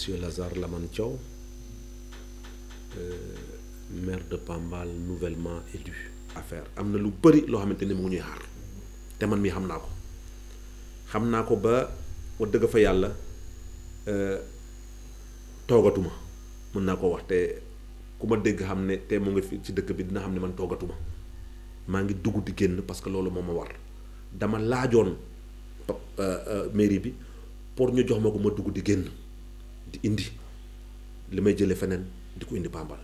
monsieur Lazare Lamane Thiaw euh, maire de Pambal nouvellement élu affaire am na lu bëri loo xamante ni mu ngi ñuy xaar te man mii xam naa ko xam naa ko ba wax dëgg fa yàlla euh, toogatuma mën naa ko wax te ku ma dégg xam ne te mu ngi fi ci dëkk bi dina xam ne man toogatuma maa ngi dugg di génn parce que loolu moom ma war dama laajoon euh, mairie bi pour ñu jox ma ko ma dugg di génn di indi li may jëlee feneen di ko indi Pambal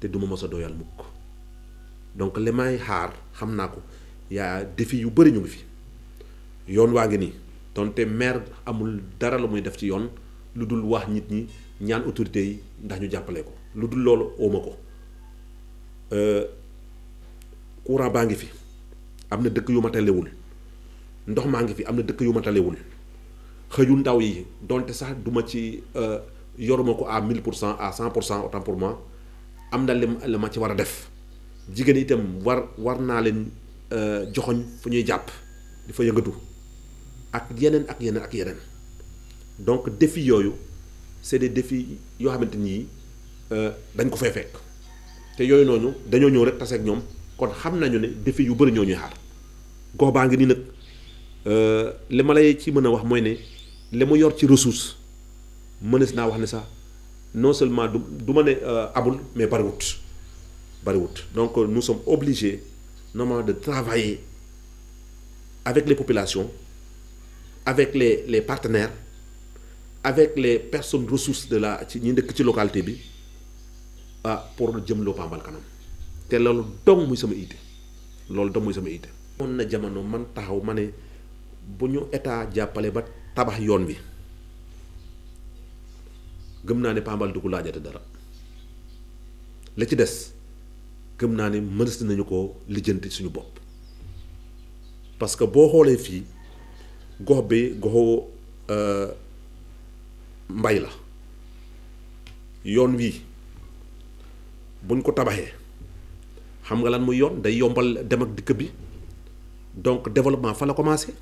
te du ma mos a doyal mukk donc li may xaar xam naa ko yaa défi yu bëri ñu ngi fi yoon waa ngi nii donte maire amul dara la muy def ci yoon lu dul wax nit ñi ñaan autorité yi ndax ñu jàppale ko lu dul loolu ooma ko euh, courant baa ngi fi am na dëkk yu ma talewul ndox maa ngi fi am na dëkk yu ma talewul xëju ndaw yi donte sax duma ma ci euh, yoruma ko à 1000 pour cent à 100 pour cent autant pour am na li la ma ci war a def jigéen itam war war naa leen euh, joxoñ fu ñuy jàpp di fa yëngatu ak yeneen ak yeneen ak yeneen donc défi yooyu c'est des défis yoo xamante ni euh, dañ ko fay fekk te yooyu noonu dañoo ñëw rek tase ak ñoom kon xam nañu ne défi yu bëri ñoo ñuy xaar gox baa ngi nii nag li ma lay ci mën a wax mooy ne. li mu yor ci ressource si naa wax ne sax non seulement du du ma ne euh, abul mais bariwut bariwut donc euh, nous sommes obligés normalement de travailler avec les populations avec les les partenaires avec les personnes ressources de la ci ñi dëkk ci localité bi ah pour jëmloo Pambal kanam te loolu dong muy sama idée loolu dong muy sama idée. moon na jamono man taxaw ma ne bu ñu état jàppale ba. tabax yoon wi gëm naa ne Pambal du ko laajate dara li ci des gëm naa ne mënees nañu ko lijjanti suñu bopp parce que boo xoolee fii gox bi goxu euh, mbay la yoon wii buñ ko tabaxee xam nga lan muy yoon day yombal dem ak dikk bi donc développement fa la commencé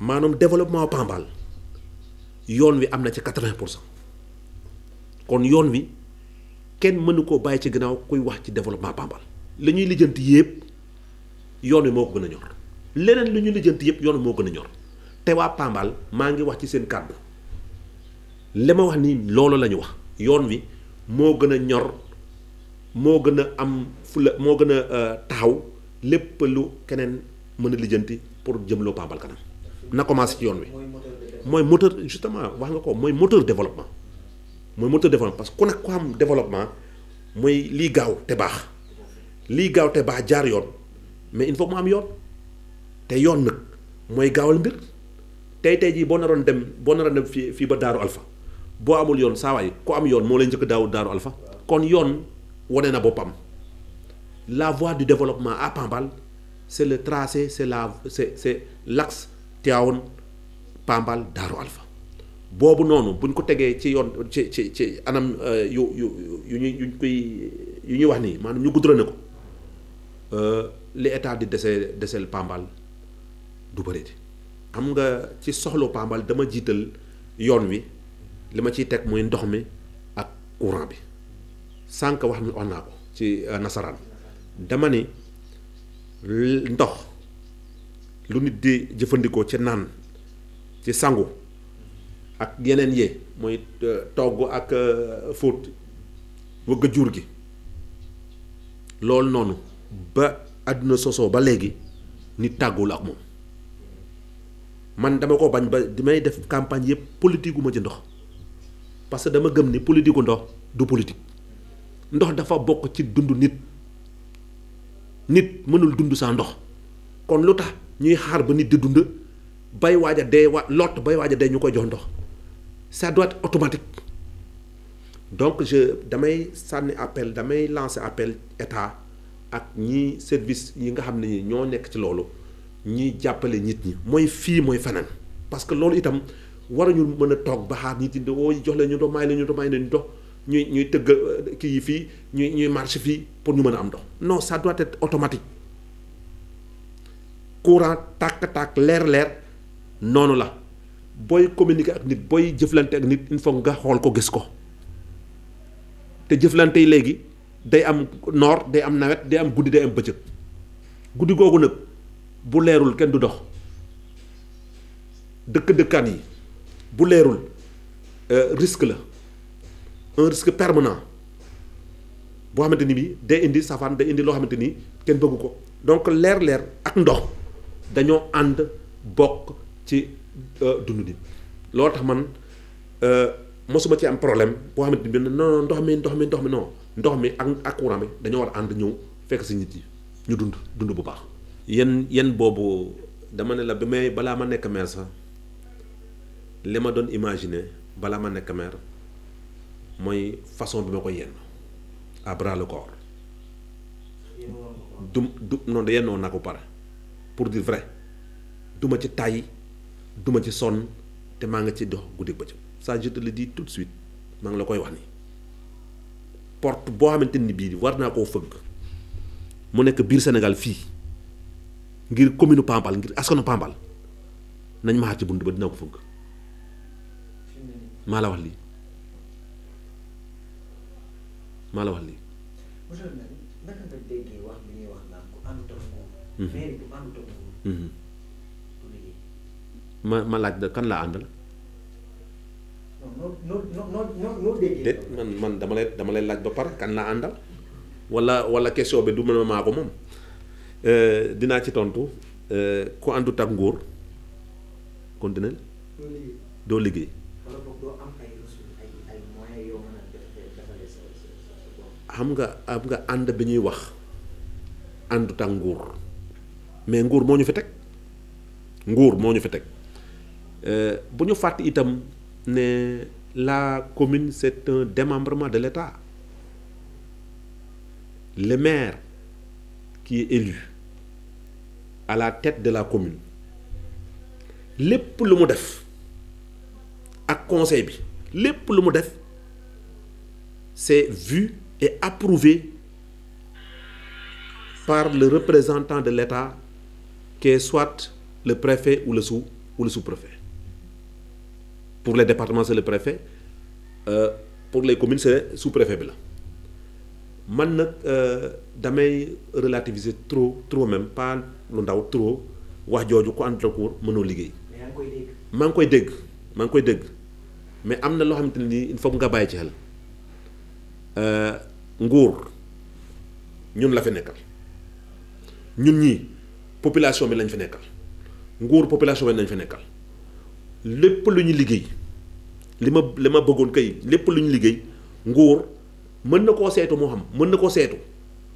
maanaam développement Pambal yoon wi am na ci quatre-vingt pour cent kon yoon wi kenn mënu koo bàyyi ci gannaaw kuy wax ci développement Pambal li ñuy lijjanti yëpp yoon wi moo ko gën a ñor leneen li ñuy lijjanti yëpp yoon wi moo gën a ñor te waa Pambal maa ngi wax ci seen kàddu li ma wax nii loolu la wax yoon wi moo gën a ñor moo gën a am fula moo gën a euh, taxaw lépp lu keneen mën a lijjanti pour jëmloo Pambal kanam. na commencé ci yoon wi mooy moteur justement wax nga ko mooy moteur développement mooy moteur développement parce que ku nekk ku am développement mooy lii gaaw te baax lii gaaw te baax jaar yoon mais il faut mu am yoon te yoon nag mooy gaawal mbir tey tey jii boo naroon dem boo naroon dem fii fii ba Daaru Alpha boo amul yoon saa waay ku am yoon moo lay njëkk daaw Daaru Alpha kon yoon wane na boppam la voie du développement à Pambal c'est le tracé c'est la c'est c'est Tivaouane Pambal Daaru Alpha boobu noonu buñ ko tegee ci yoon ci ci ci anam euh, yu yu yu ñuy yu ñu ñuy wax nii maanaam ñu guddra ne ko euh, li état di dese deseel Pambal du bëri xam nga ci soxla Pambal dama jiital yoon wi li ma ciy teg mooy ndox mi ak courant bi sànq wax wax naa ko ci euh, nasaraan dama ni ndox lu nit di jëfandikoo ci naan ci sangu ak yeneen yee mooy euh, togg ak euh, fóot wëgg jur gi loolu noonu ba àdduna sosoo ba léegi nit tàgguwul ak moom man dama ko bañ ba di may def campagne yëpp politique ci ndox parce que dama gëm ni politique gu ndox du politique ndox dafa bokk ci dund nit nit mënul dund sans ndox kon lu tax ñuy xaar ba nit di dund bay waaja a dee wa lott bay waaj a dee ñu koy jox ndox ça doit automatique donc je damay sànni appel damay lancer appel état ak ñi service yi nga xam ne ñi ñoo nekk ci loolu ñii jàppale nit ñi mooy fii mooy feneen parce que loolu itam war waruñu mën a toog ba xaar nit ñi oo oh, jox leen ñu ndox may leen ñu ndox may ñu ndox ñuy ñuy tëgg euh, kii yi fii ñuy ñuy marché fii pour ñu mën a am ndox non ça doit automatique courant tàkk-tàkk leer-leer noonu la booy communiqué ak nit booy jëflante ak nit il faut nga xool ko gis ko te jëflante yi léegi day am noor day am nawet day am guddi day am bëccëg guddi googu nag bu leerul kenn du dox dëkk-dëkkaan yi bu leerul euh, risque la un risque permanent boo xamante ni bii day indi safaan day indi loo xamante ni kenn bëggu ko donc leer-leer ak ndox. dañoo ànd bokk ci euh, dund bi loo tax man euh, mosuma ci am problème boo xamante ni bi non ndox mi ndox mi ndox mi non ndox mi ak ak courant mi dañoo war a ànd ñëw fekk si nit yi ñu dund dund bu baax. yéen yéen boobu dama ne la bi may balaa ma nekk maire sax li ma doon imagine balaa ma nekk maire mooy façon bi ma ko yenn à bras du du non yenn woon naa ko pare. pour dire vrai duma ci tàyyi duma ci sonn te maa nga ci dox guddi bëccëg ça je te le tout suite maa ngi la koy wax nii porte boo xamante ni bii war naa koo fëgg mu nekk biir Sénégal fii ngir commune Pambal ngir askanu Pambal nañ ma xaar ci bunt ba dina ko fëgg maa la wax lii maa la wax lii. Mhm. Mhm. ma ma laaj da kan laa àndal. déet man man dama lay dama lay laaj ba pare kan laa àndal walla wala question bi du ma maa ko moom euh, dinaa ci tontu euh, ku àndut ak nguur continuel doo liggéey. xam nga xam nga ànd bi ñuy wax àndu ak nguur. mais nguur moo ñu fi teg nguur moo ñu fi teg euh, bu ñu fàtt itam ne la commune c'est un démembrement de l'État le maire qui est élu à la tête de la commune lépp lu mu def ak conseil bi lépp lu mu def c'est vu et approuvé par le représentant de l'État qui est soit le préfet ou le sous ou le sous-préfet pour les départements c'est le préfet euh, pour les communes c'est sous-préfet bi la man nag euh, damay relativiser trop trop même pas lu ndaw trop wax jooju ko ànd recours mënoo liggéey. maa ngi koy dégg maa ngi koy dégg mais am na loo xamante ne nii foog nga bàyyi ci xel euh, nguur ñun la fi nekkal ñun ñii. population bi lañ fi nekkal nguur population bi lañ fi nekkal lépp lu ñu liggéey li ma li ma bëggoon kay lépp lu ñu liggéey nguur mën na koo seetu moo xam mën na koo seetu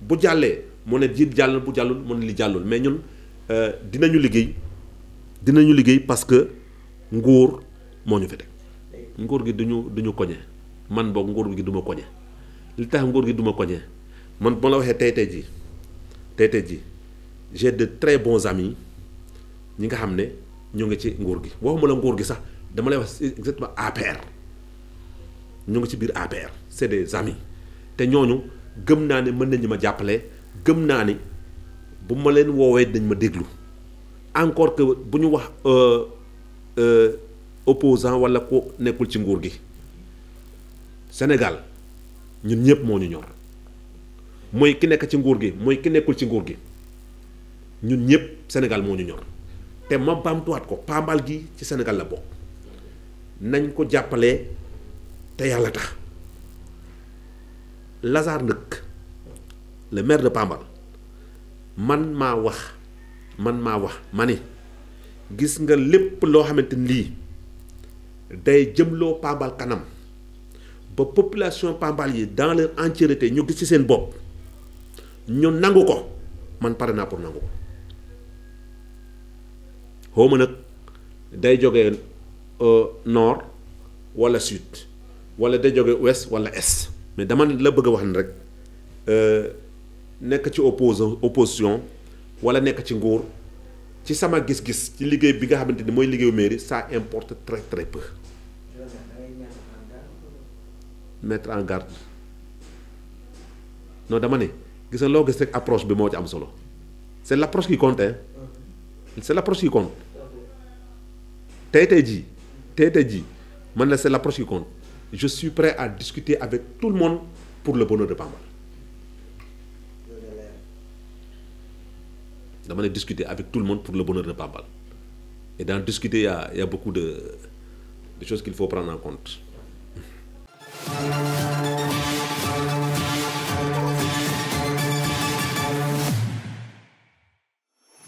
bu jàllee mu ne jiit jàll bu jàllul mu ne li jàllul mais ñun euh, dinañu liggéey dinañu liggéey parce que nguur moo ñu fi nguur gi duñu duñu koñe man boog nguur gi du ma koñe li tax nguur gi du ma koñe man bu la waxee tey tey ji tey tey ji j'ai de très bon amis ñi nga xam ne ñoo ngi ci nguur gi waxuma la nguur gi sax dama lay wax exactement APR ñu ngi ci biir APR c'est des amis te ñooñu gëm naa ne mën nañu ma jàppale gëm naa ni bu ma leen woowee dañ ma déglu encore que bu ñu wax euh, euh, opposant wala ku nekkul ci nguur gi Sénégal ñun ñëpp moo ñu ñor mooy ki nekk ci nguur gi mooy ki nekkul ci nguur gi ñun ñëpp Sénégal moo ñu ñor te ma baamtuwaat ko pambal gi ci Sénégal la bokk nañ ko jàppale te yàlla tax Lazare Ndëkk le maire de Pambal man maa wax man maa wax ma ni gis nga lépp loo xamante ni lii day jëmloo Pambal kanam ba population Pambal yi dans leur ñu gis ci seen bopp ñu nangu ko man pare naa pour nangu ko boo mën nag day jógee euh, nord wala sud wala day jógee ouest wala est mais dama la bëgg a wax ni rek euh, nekk ci oppos opposition wala nekk ci nguur ci sama gis-gis ci liggéey bi nga xamante ni mooy liggéeyu mairie ça importe très très peu mettre en garde non dama ne gis nga loo gis rek approche bi moo ci am solo c'est l'approche qui compte hein c'est compte tey tey jii tey tey ji mën na c'est l'approche qui compte je suis prêt à discuter avec tout le monde pour le bonheur de Bambal dama ne discuter avec tout le monde pour le bonheur de Bambal et dans discuter y a y de de qu'il faut prendre en compte